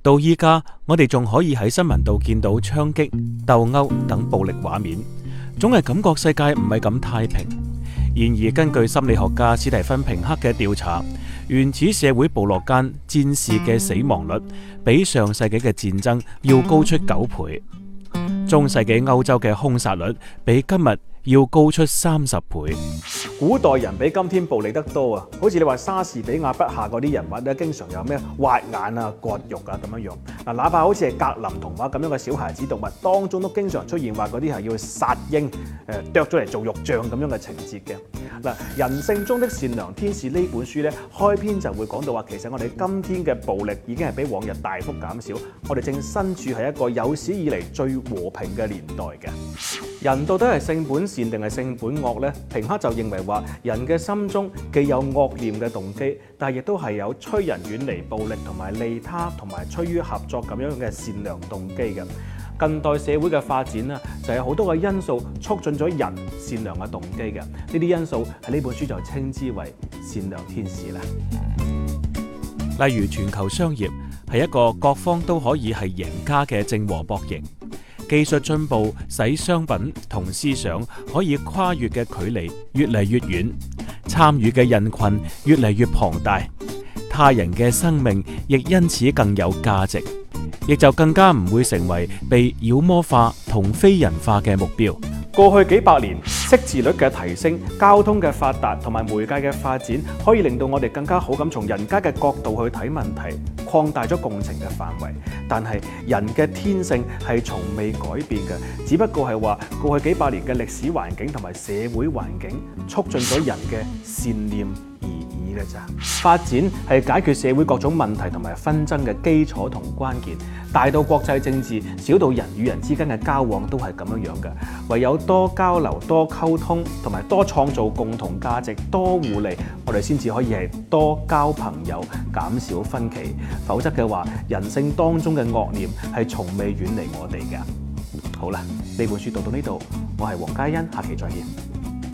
到依家，我哋仲可以喺新聞度見到槍擊、鬥毆等暴力畫面，總係感覺世界唔係咁太平。然而，根據心理學家史蒂芬·平克嘅調查，原始社會部落間戰士嘅死亡率比上世紀嘅戰爭要高出九倍，中世紀歐洲嘅兇殺率比今日要高出三十倍。古代人比今天暴力得多啊！好似你話莎士比亞筆下嗰啲人物咧，經常有咩挖眼啊、割肉啊咁樣樣。嗱，哪怕好似係格林童話咁樣嘅小孩子動物當中，都經常出現話嗰啲係要殺鷹，誒，剁咗嚟，做肉醬咁樣嘅情節嘅。人性中的善良天使呢本書呢，開篇就會講到話，其實我哋今天嘅暴力已經係比往日大幅減少，我哋正身處喺一個有史以嚟最和平嘅年代嘅。人到底係性本善定係性本惡呢？平克就認為話，人嘅心中既有惡念嘅動機，但係亦都係有催人遠離暴力同埋利他同埋趨於合作咁樣嘅善良動機嘅。近代社會嘅發展啊～就是、有好多嘅因素促進咗人善良嘅動機嘅，呢啲因素喺呢本書就稱之為善良天使啦。例如全球商業係一個各方都可以係贏家嘅正和博弈，技術進步使商品同思想可以跨越嘅距離越嚟越遠，參與嘅人群越嚟越龐大，他人嘅生命亦因此更有價值。亦就更加唔會成為被妖魔化同非人化嘅目標。過去幾百年，識字率嘅提升，交通嘅發達同埋媒介嘅發展，可以令到我哋更加好咁從人家嘅角度去睇問題，擴大咗共情嘅範圍。但係人嘅天性係從未改變嘅，只不過係話過去幾百年嘅歷史環境同埋社會環境促進咗人嘅善念而已嘅咋。發展係解決社會各種問題同埋紛爭嘅基礎同關鍵，大到國際政治，小到人與人之間嘅交往都係咁樣樣嘅。唯有多交流多，溝通同埋多創造共同價值，多互利，我哋先至可以係多交朋友，減少分歧。否則嘅話，人性當中嘅惡念係從未遠離我哋嘅。好啦，呢本書讀到呢度，我係黃嘉欣，下期再見。